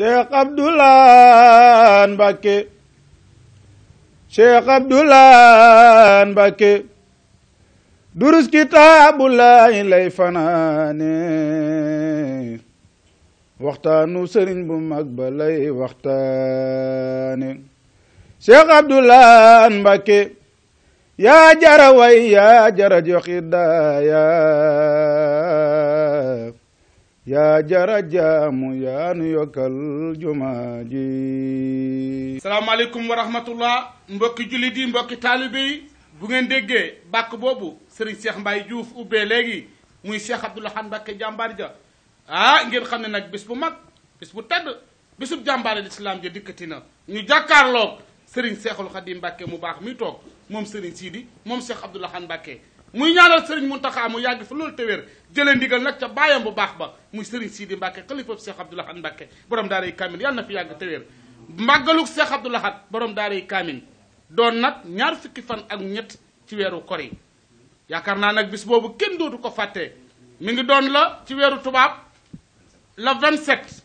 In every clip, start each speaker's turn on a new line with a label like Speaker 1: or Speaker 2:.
Speaker 1: Cheikh Abdoulaye Mbacké Cheikh Abdoulaye durus kitaabullahi lay fanaane waxtaanu sëriñ bu mag ba lay waxtaane Cheikh Abdoulaye Mbacké yaa jara way yaa jara jox hidaaya yaa jara jaamu yaa nu yokkal jumaa ji salaamaaleykum wa rahmatullah mbokki jullit yi mbokki taalibe bu ngeen déggee bàkk boobu sëriñ Cheikh Mbaye Diouf ubbee léegi muy Cheikh Abdoul Ahad Mbacké jàmbaar ja ah ngeen xam ne nag bis bu mag bis bu tedd bisub jàmbaare lislaam ja dikkati na ñu jàkkaarloog sëriñ Cheikhul Khadim Mbacké mu baax mi toog moom sëriñ Sidi moom Cheikh Abdoul Ahad muy ñaanal mu Mountakha mu yàgg fa loolu téwéer jëlee ndigal nag ca baayam bu baax ba muy Serigne Sidi Mbacke xalifa Cheikh Abdou Lahad Mbacke borom daaray Kamil yàlla na fi yàgg téwéer màggaluk Cheikh Abdou Lahad borom daaray kaamin doon nag ñaar fukki fan ak ñett ci weeru kor yi yaakaar naa nag bis boobu kenn dootu ko fàttee mi ngi doon la ci weeru tubaab le 27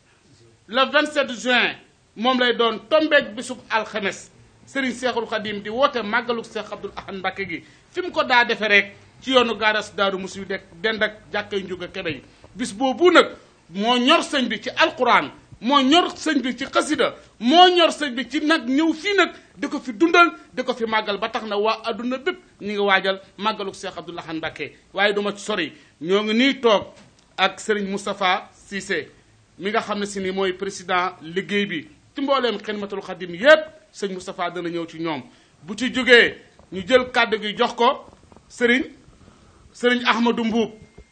Speaker 1: le 27 juin moom lay doon tombeeg bisub alxemes Serigne Cheikhul Khadim di woote màggaluk Cheikh Abdou Lahad Mbacke gi fi mu ko daa defe rek ci yoonu gaaras daaru mus yu dekk dend ak jàkkay njug a kebe bis boobu nag moo ñor sëñ bi ci alquran moo ñor sëñ bi ci xasida moo ñor sëñ bi ci nag ñëw fii nag di ko fi dundal di ko fi màggal ba tax na waa àdduna bépp ñu ngi waajal màggalu Cheikh Abdou Lahad Mbacké waaye duma sori ñoo ngi nii toog ak Serigne Moustapha Cissé mi nga xam ne si ni mooy président liggéey bi ci mbooleem xidmatul xadim yépp sëñ Moustapha dana ñëw ci ñoom ñu jël kàddu gi jox ko sëriñ sëriñ Ahmadou Mbuub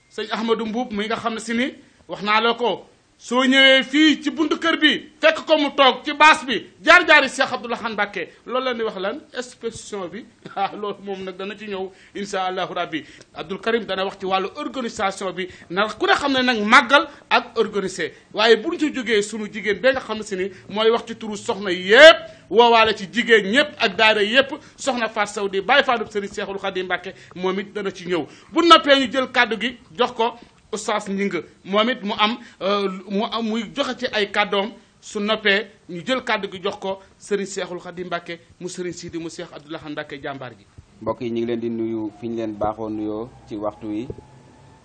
Speaker 1: sëriñ Ahmadou Mbuub mi nga xam ne si ni wax naa la ko soo ñëwee fii ci buntu kër bi fekk ko mu toog ci baas bi jaar-jaari Cheikh Abdou Lahad Mbacké loolu la ñuy wax lan expression bi ah loolu moom nag dana ci ñëw insha allahu rabbi Abdoul Karim dana wax ci wàllu organisation bi ndax ku ne xam ne nag màggal ak organisé waaye bu ñu ci jógee sunu jigéen ba nga xam ne si ni mooy wax ci turu soxna yépp woowaale ci jigéen ñëpp ak daara yépp soxna Faat Saw di bàyyi faadub Serigne Cheikhul Khadim Mbacké moom it dana ci ñëw bu noppee ñu jël kàddu gi jox ko oustaz Ngingue moom it mu am euh, mu am muy joxe ci ay kàddoom su noppee ñu jël kàddu gi jox ko Serigne Cheikhul Khadim Mbacke mu Serigne Sidi mu Cheikh Abdou Lahad Mbacke jàmbaar ji.
Speaker 2: mbokk yi ñu ngi leen di nuyu fi leen baaxoo nuyoo ci waxtu wi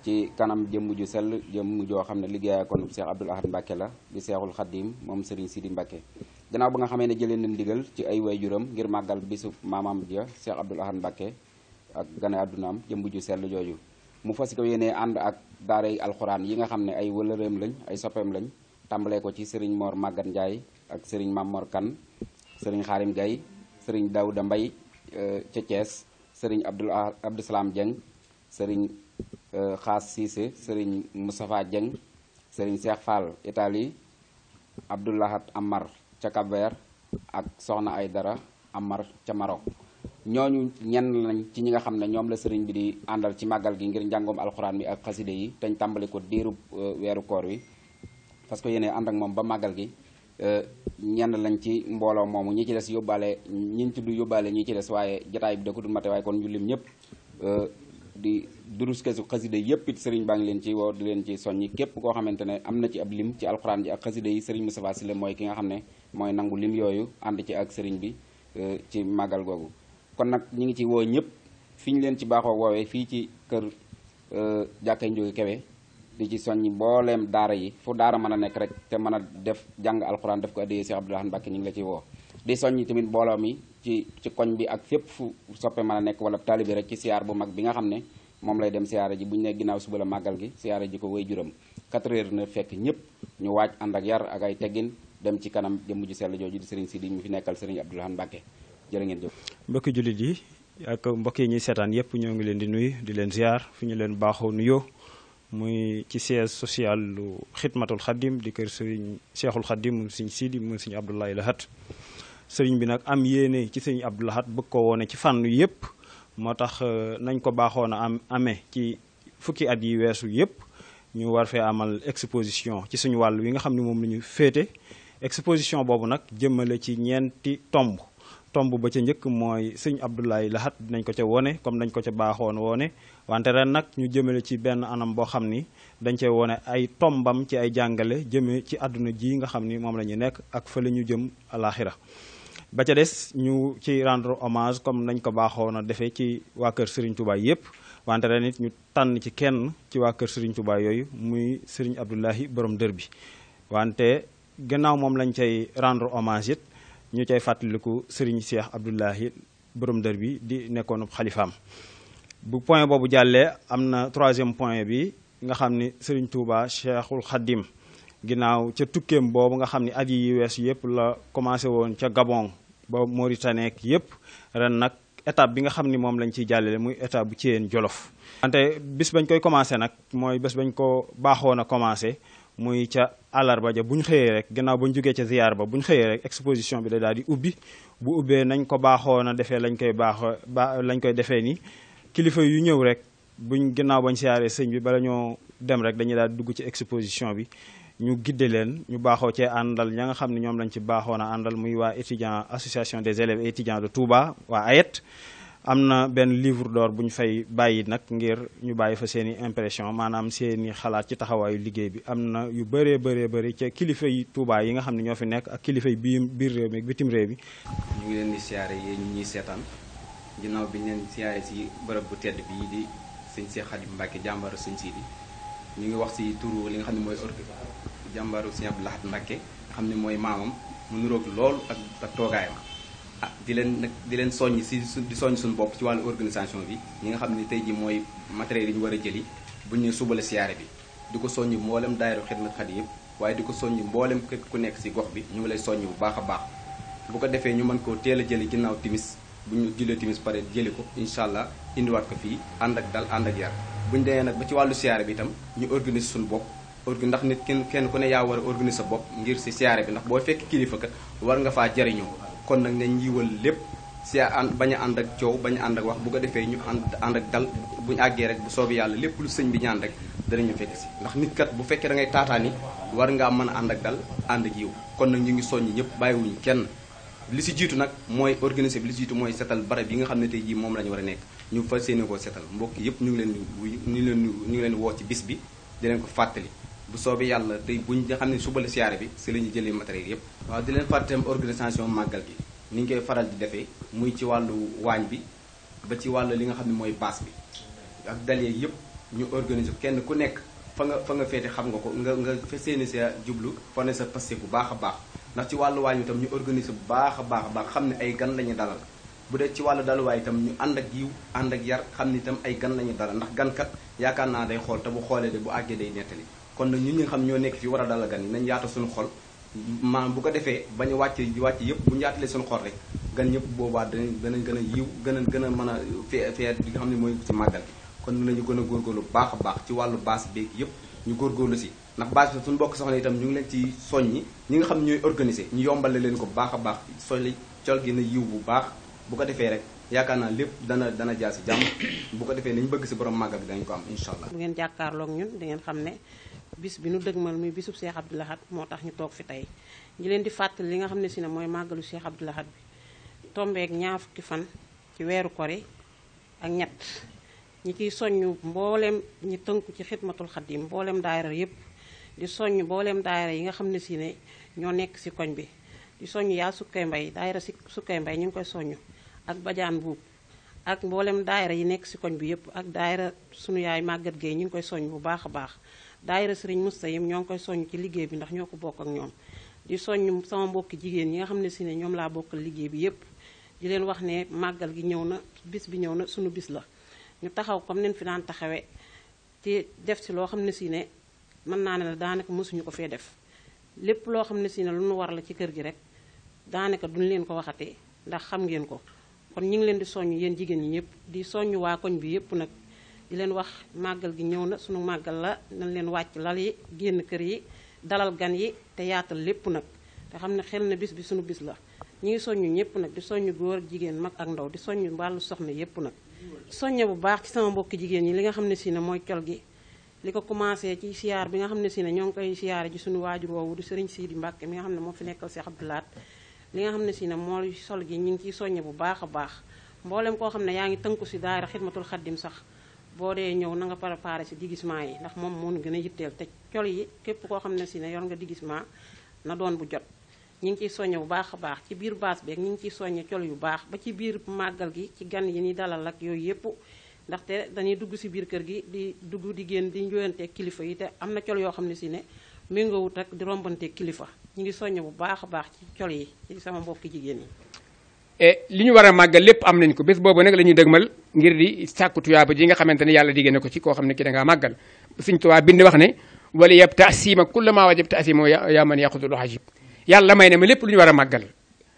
Speaker 2: ci kanam jëmm ju sell jëmm joo xam ne liggéeya kon Cheikh Abdou Lahad Mbacke la di Cheikhul Khadim moom Serigne Sidi Mbacke. gannaaw ba nga xamee ne jëlee na ndigal ci ay waajuram ngir màggal bisu maamam ja Cheikh Abdou Lahad Mbacke ak gane àddunaam jëmm ju sell jooju mu fas ko yéenee ànd ak. daaray alxuraan yi nga xam ne ay wëlëreem lañ ay soppeem lañ tàmbalee ko ci sëriñ Mor Magat Ndiaye ak sëriñ Mamor Kan sëriñ Xaarim Gaye sëriñ Daouda Mbay euh, ca Thiès sëriñ Abdul Abdou Salaam sëriñ Xaas Siise sëriñ Moustapha Dieng sëriñ Cheikh Fall Italie Abdoulahat Amar ca cap ak soxna Aydara Amar ca Maroc ñooñu ñenn lañ ci ñi nga xam ne ñoom la sëriñ bi di àndal ci màggal gi ngir njàngoom alxuraan bi ak xaside yi te ñu tàmbali ko diirub euh, weeru koor wi parce que yéene ànd ak moom ba màggal gi euh, ñenn lañ ci mbooloo moomu ñi ci des yóbbaale ñiñ tudd yóbbaale ñi ci des waaye jataay bi da ko dul mate waaye kon ñu lim ñëpp euh, di durus kesu xaside yëpp it sëriñ baa ngi leen ci woo di leen ci soññi képp koo xamante ne am na ci ab lim ci alxuraan ji ak xaside yi sëriñ Moustapha Sylla nga xam ne mooy nangu lim yooyu ànd ci ak sëriñ bi ci màggal googu kon nag ñu ngi ci woo ñëpp fi ñu leen ci baaxoo woowee fii ci kër euh, jàkkay njóogi kebe di ci soññ mbooleem daara yi fu daara mën a nekk rek te mën a def jàng alxuraan def ko addiyee Cheikh Abdoulaye Mbacke ñu ngi la ci woo di soññ tamit mbooloo mi ci ci koñ bi ak fépp fu soppe mën a nekk wala taalibe rek ci siyaar bu mag bi nga xam ne moom lay dem siyaare ji bu ñu ne ginnaaw suba la màggal gi siyaare ji ko way juróom 4 heures na fekk ñëpp ñu waaj ànd ak yar ak ay teggin dem ci kanam jëmm ju sell jooju di sëriñ di mu fi nekkal sëriñ Abdoulaye Mbacke jërë ngeen jëf
Speaker 3: mbokki jullit yi ak mbokk yi ñuy seetaan yépp ñoo ngi leen di nuy di leen ziar fi ñu leen baaxoo nuyoo muy ci siège social lu xidmatul xaddim di kër sëriñ Cheikhul Xaddim mu sëriñ Sidi mu sëriñ Abdoulaye Lahat sëriñ bi nag am yéene ci sëriñ Abdou bëgg ko woone ci fànn yépp moo tax euh, nañ ko baaxoon a am amee ci fukki at yi weesu yépp ñu war fee amal exposition ci suñu wàll wi nga xam ne moom la féete exposition boobu nag jëmmale ci ñeenti tomb tomb ba ca njëkk mooy sëñ Abdoulaye Lahat dinañ ko ca wone comme dañ ko ca baaxoon woone wante ren nag ñu jëmale ci benn anam boo xam ni dañ cee wone ay tombam ci ay jàngale jëme ci àdduna ji nga xam ni moom la ñu nekk ak fële ñu jëm alaaxira ba ca des ñu ci rendre hommage comme nañ ko baaxoon a defee ci waa kër Serigne Touba yépp wante ren it ñu tànn ci kenn ci waa kër Serigne Touba yooyu muy Serigne Abdoulahi borom dër bi wante gannaaw moom lañ cay rendre hommage it ñu cay fàttaliku sëriñ Cheikh Abdoulahi borom dër bi di nekkoonu xalifaam bu point boobu jàllee am na troisième point bi nga xam ni sëriñ Touba Cheikhul Khadim ginnaaw ca tukkeem boobu nga xam ni at yi weesu yëpp la commencé woon ca Gabon ba Mauritanie yëpp ren nag étape bi nga xam ni moom lañ ciy jàllee muy étape bu Thiéyène Jolof. wante bis bañ koy commencé nag mooy bés bañ ko baaxoon a commencé. muy ca àllarba ja bu ñu xëyee rek gannaaw ba ñu jógee ca ziyaar ba bu ñu xëyee rek exposition bi da daal di ubbi bu ubbee nañ ko baaxoo na defee lañ koy baaxoo ba lañ koy defee nii kilifa yu ñëw rek buñ gannaaw bañ siyaaree sëñ bi bala ñoo dem rek dañuy daal di dugg ci exposition bi ñu gidde leen ñu baaxoo cee àndal ña nga xam ne ñoom lañ ci baaxoon a àndal muy waa étudiant association des élèves et étudiants de Touba waa AET am na benn livre d'or bu ñu fay bàyyi nag ngir ñu bàyyi fa seen i impression maanaam seen i xalaat ci taxawaayu liggéey bi am na yu bëree bëree bëri ca kilifa yi Touba yi nga xam ne ñoo fi nekk ak kilifa yi bii biir réew mi ak bitim réew mi. ñu ngi leen di siyaare yéen ñi ñuy seetaan
Speaker 4: ginnaaw bi ñu leen siyaare si bërëb bu tedd bii di sëñ Cheikh Khadim Mbacke jàmbaaru sëñ Sidi ñu ngi wax si turu li nga xam ne mooy ordu jàmbaaru sëñ Abdou Lahad Mbacke xam ne mooy maamam lool ak ak di leen nag di leen soññ si di soññ suñu bopp ci wàllu organisation bi ñi nga xam ne tey ji mooy matériel yi ñu war a jëli buñ ne suba la siyaare bi di ko soññ mboolem daayiru xidmat xadi yëpp waaye di ko soññ mboolem képp ku nekk si gox bi ñu lay soññ bu baax a baax bu ko defee ñu mën koo teel a jëli ginnaaw timis bu ñu jullee timis pare jëli ko incha allah indiwaat ko fii ànd ak dal ànd ak yar bu ñu demee nag ba ci wàllu siyaare bi itam ñu organise suñu bopp org ndax nit kenn kenn ku ne yaa war a organise sa bopp ngir si siyaare bi ndax boo fekk kilifa ka war nga faa jariñoo kon nag nañ yiwal lépp si ànd bañ a ànd ak coow bañ a ànd ak wax bu ko defee ñu ànd ànd ak dal buñu àggee rek bu soobee yàlla lépp lu sëñ bi ñaan rek danañu fekk si ndax nit kat bu fekkee da ngay taataani war ngaa mën a ànd ak dal ànd ak yiw kon nag ñu ngi soññi ñëpp bàyyiwuñ kenn li si jiitu nag mooy organisé bi li si jiitu mooy setal barab yi nga xam ne tey jii moom la war a nekk ñu fas yéene ko setal mbokk yëpp ñu ngi leen ñu ngi leen ñu ngi woo ci bis bi di ko fàttali bu soobee yàlla tey buñ nga xam ne suba siyaare bi si la ñu jëlee matériel yëpp. waaw di leen fàtteem organisation màggal gi ni ñu koy faral di defee muy ci wàllu waañ bi ba ci wàllu li nga xam ne mooy baas bi ak dalee yëpp ñu organiser kenn ku nekk fa nga fa nga féete xam nga ko nga nga fa seeni sa jublu fa ne sa passé bu baax a baax ndax ci wàllu waañ bi tam ñu organiser bu baax a baax a baax xam ne ay gan la ñu dalal bu dee ci wàllu daluwaay itam ñu ànd ak yiw ànd ak yar xam ne itam ay gan la ñu dalal ndax gankat yaakaar naa day xool te bu xoolee de bu àggee day nettali kon nag ñun ñi nga xam ñoo nekk fii war a dalal gan yi nañ yaata suñu xol maanaam bu ko defee bañ a wàcc wàcc yëpp bu ñu yaatalee suñ xol rek gan ñëpp boobaa danañ danañ gën a yiw gën a gën a mën a fee fee li nga xam ne mooy ci màggal kon nañu gën a góorgóorlu baax a baax ci wàllu baas beeg yëpp ñu góorgóorlu si ndax baas bi suñu bokk soxna itam ñu ngi leen ci soññi ñi nga xam ñooy organiser ñu yombale leen ko baax a baax soñli col gi na yiw bu baax bu ko defee rek yaakaar naa lépp dana dana jaar si jàmm bu ko defee nañ bëgg si borom màggal gi dañu ko am incha allah bu
Speaker 5: ngeen jàkkaarloog ñun bis bi nu dëgmal muy bisub Cheikh Abdoul Ahad moo tax ñu toog fi tey ñi leen di fàttali li nga xam ne si ne mooy màggalu Cheikh Abdoul Ahad bi tombeek ñaar fukki fan ci weeru kori ak ñett ñi ciy soññ mbooleem ñi tënku ci xidmatul xadim mbooleem daayira yépp di soññ mbooleem daayira yi xam ne si ñoo nekk si koñ bi di soññ yaa sukkay mbay daayira si sukkay mbay ñu ngi koy soññ ak bajaan buub ak mboolem daayira yi nekk si koñ bi yépp ak daayira sunu yaay màggat géey ñu ngi koy soññ bu baax a baax daayira sëriñ Mustayim ñoo ngi koy soññ ci liggéey bi ndax ñoo ko bokk ak ñoom di soññ sama mbokki jigéen ñi nga xam ne si ne ñoom laa bokkal liggéey bi yépp di leen wax ne màggal gi ñëw na bis bi ñëw na sunu bis la ñu taxaw comme nen fi daan taxawee ci def si loo xam ne si ne mën naa ne la daanaka ko fee def lépp loo xam ne si ne lu nu war la ci kër gi rek daanaka duñ leen ko waxatee ndax xam ngeen ko kon ñu ngi leen di soññ yéen jigéen ñi ñëpp di soññ waa koñ bi yépp nag di leen wax màggal gi ñëw na sunu màggal la nañ leen wàcc lal yi génn kër yi dalal gan yi te yaatal lépp nag te xam ne xel na bis bi sunu bis la ñu ngi soññu ñëpp nag di soññu góor jigéen mag ak ndaw di soññu wàllu soxna yépp nag soññe bu baax ci sama mbokki jigéen ñi li nga xam ne si ne mooy col gi li ko commencé ci siyaar bi nga xam ne si ne ñoo ngi koy siyaare ci suñu waajur woowu di sëriñ Sidi Mbàkke mi nga xam ne moo fi nekkal Cheikh Abdou Lahat li nga xam ne si ne mooy sol gi ñu ngi ciy soññe bu baax a baax mboolem koo xam ne yaa ngi tënku si daara xidmatul xaddim sax boo dee ñëw na nga préparé si déguisement yi ndax moom moo ñu gën a yitteel te col yi képp koo xam ne si ne yor nga déguisement na doon bu jot ñi ngi ciy soññe bu baax a baax ci biir baas beeg ñi ngi ciy soññe col yu baax ba ci biir màggal gi ci gan yi ni dalal ak yooyu yëpp ndaxte dañuy dugg si biir kër gi di dugg di génn di njoyante kilifa yi te am na col yoo xam ne si ne méngoowut ak di rombante kilifa ñi ngi soññe bu baax a baax ci col yi ci sama mbokki jigéen
Speaker 6: Eh, li ñu war a màggal lépp am nañ ko bés boobu nag la ñuy dëgmal ngir di sàkku tuyaaba ji nga xamante ne yàlla diggéene ko ci koo xam ne ki da ngaa màggal suñ tuwaa bind wax ne wala yab taasima kulla maa wajab taasima yaa man yaqudul ajib yàlla may na ma lépp lu ñu war a màggal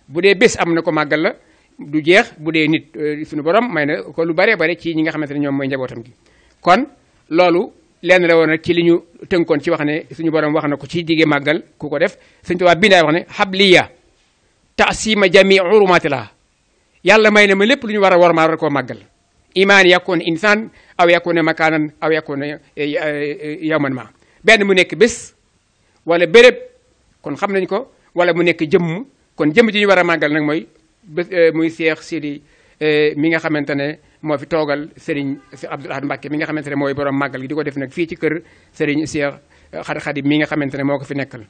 Speaker 6: bu dee bés am na ko màggal la du jeex bu dee nit eh, suñu borom may na ko lu baree bare ci ñi nga xamante ne ñoom mooy njabootam gi kon loolu lenn la woon rek ci li ñu tënkoon ci wax ne suñu borom wax na ko ci digee màggal ku ko def suñ tuwaa bindaay wax ne xabliya taasima jami la yàlla may na ma lépp lu ñu war a war maa war koo màggal imaan yakun insan aw yakun makaanan aw yakun eh, eh, eh, yawman ma benn mu nekk bés wala béréb kon xam nañ ko wala mu nekk jëmm kon jëmm ji ñu war a màggal nag mooy bés muy Seex Sidi mi nga xamante ne moo fi toogal Serigne Abdoul Ahad mi nga xamante ne mooy borom màggal gi di ko def nag fii ci kër Serigne Seex Xadi Xadi mi nga xamante ne moo ko fi nekkal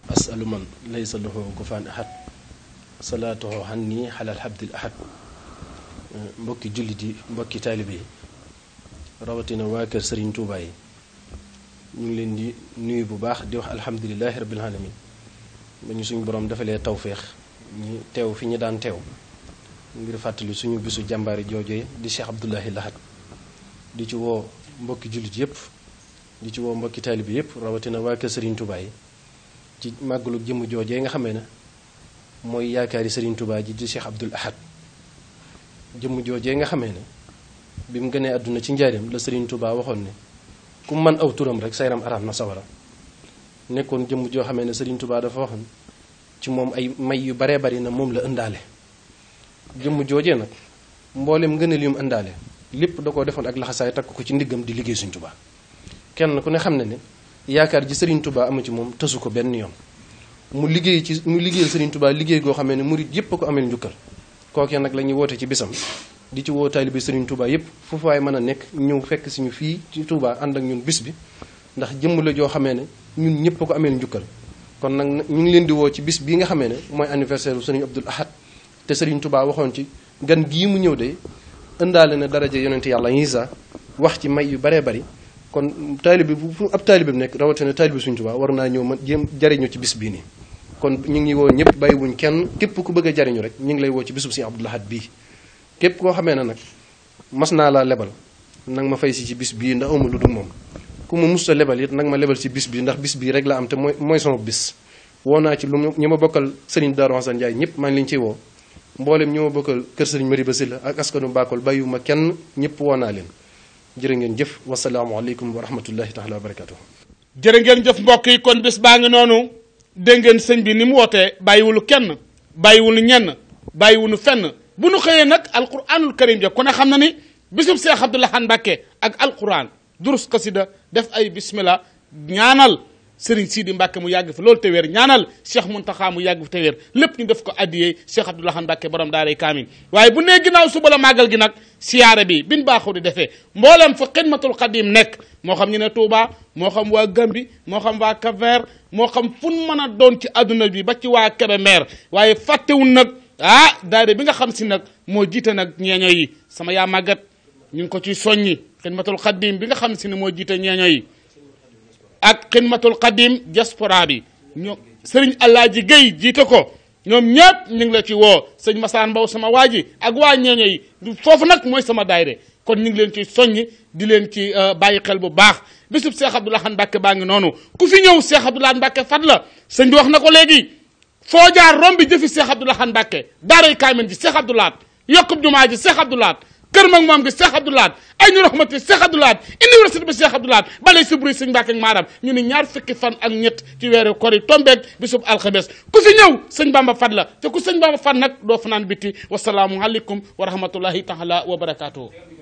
Speaker 7: salaatuhu hanni xalal abdil ahad mbokki jullit yi mbokki taalibe yi rawatina waa kër sëriñ Tuuba yi ñu ngi leen di nuyu bu baax di wax alhamdulilahi rabbil alamin ba ñu suñu borom defalee tawféex ñi teew fi ñu daan teew ngir fàttali suñu bisu jàmbaari jooje di Cheikh Abdoulahi Lahad di ci woo mbokki jullit yépp di ci woo mbokki taalibe yépp rawatina waa kër sëriñ Tuuba yi ci màgglu jëmm joojee nga xame ne mooy yaakaari Serigne tubaa ji di Cheikh Abdoul Ahad jëmm joojee nga xamee ne bi mu gënee àdduna ci njaareem la Serigne Touba waxoon ne ku man aw turam rek sa yaram araam na sawara nekkoon jëmm joo xamee ne Serigne tubaa dafa waxoon ci moom ay may yu baree bari na moom la ëndaale jëmm joojee nag mboolem ngëneel yu mu ëndaale lépp da koo defoon ak laxasaay takk ko ci ndiggam di liggéey Serigne tubaa kenn ku ne xam ne ne yaakaar ji Serigne tubaa amu ci moom tësu ko benn yoon mu liggéey ci mu liggéeyal Serigne Touba liggéey goo xamee ne murit yépp ko amel njukkal kookee nag la ñuy woote ci bisam di ci woo taalibe Serigne Touba yépp foofu waaye mën a nekk ñëw fekk si ñu fii ci Touba ànd ak ñun bis bi ndax jëmm la joo xamee ne ñun ñëpp ko ameel njukkal kon nag ñu ngi leen di woo ci bis bii nga xamee ne mooy anniversaire bu Serigne Abdoul Ahad te Serigne Touba waxoon ci gan gii mu ñëw de ëndaale na daraja yonent yàlla Isa wax ci may yu baree bari kon taalibe bi fu ab taalibe bi nekk rawatina bi Sëriñ Tuubaa war naa ñëw ma jéem jariñu ci bis bii nii kon ñu ngi woo ñëpp bàyyiwuñ kenn képp ku bëgg a jariñu rek ñu ngi lay woo ci bisub Sëriñ Abdul Ahad bii képp koo xamee ne nag mas naa laa lebal nag ma fay si ci bis bii ndax amul lu dul moom ku ma musta lebal it nag ma lebal ci bis bii ndax bis bii rek laa am te mooy mooy sama bis woo naa ci lu ñu ma bokkal sëriñ Daaru Hasan Njaay ñëpp man ngi leen ciy woo mboolem ñu ma bokkal kër sëriñ Mari la ak askanu Bakol bàyyiwuma kenn ñëpp woo naa leen jërë ngeen jëf wasalaamualeykum wa rahmatullahi taala wa
Speaker 1: barakatuh jërë ngeen jëf mbokk yi kon bis baa ngi noonu dégg ngeen sëñ bi ni mu wootee bàyyiwulu kenn bàyyiwulu ñenn bàyyiwulu fenn bu nu xëyee nag alquranul karim ja ku ne xam na ni bisub Seex Abdou Lahad Mbàkke ak alquran durus kasida def ay bismillah ñaanal sëriñ Sidi Mbacke mu yàgg fi loolu te wér ñaanal Cheikh Mountakha mu yàgg fi te lépp ñu def ko addiyee Cheikh Abdou Lahad Mbacke borom daaray kaamil waaye bu nee ginnaaw suba la màggal gi nag siyaare bi bin baaxu di defee mboolem fa xidmatul xadim nekk moo xam ñu ne Touba moo xam waa Gambi moo xam waa cap moo xam fu mu mën a doon ci adduna bi ba ci waa Kébémer waaye fàttewul nag ah daare bi nga xam si nag moo jiite nag ñeeño yi sama yaa màggat ñu ngi ko ciy soññi xidmatul xadim bi nga xam si ne moo jiite ñeeño yi ak xidmatul qadim diaspora bi ñoom sëriñ Alaaji Géy jiite ko ñoom ñëpp ñu ngi la ci woo sëñ Masaan Mbow sama waa ji ak waa ñeeño yi foofu nag mooy sama dayre kon ñu ngi leen ci soññi di leen ci euh, bàyyi xel bu baax bésub Seex Abdou Lahad Mbàkke baa ngi noonu ku fi ñëw Seex Abdou Lahad Mbàkke fat la sëñ bi wax na ko léegi foo jaar romb bi jëfi Seex Abdou Lahad Mbàkke daaray kaamen ji Seex Abdou Lahad yokkub jumaa ji Seex Abdou Lahad kër mag maam gi Cheikh Abdou Lahad ay ñu raxmati Cheikh Abdou Lahad université bi Cheikh Abdou Lahad balay subri sëñ Mbàkke ak maaram ñu ne ñaar fukki fan ak ñett ci weeru kor yi tombeeg bisub alxames ku fi ñëw sëñ Bamba fan la te ku sëñ Bamba fan nag doo fanaan biti wasalaamu aleykum wa rahmatullahi taala wa barakaatuhu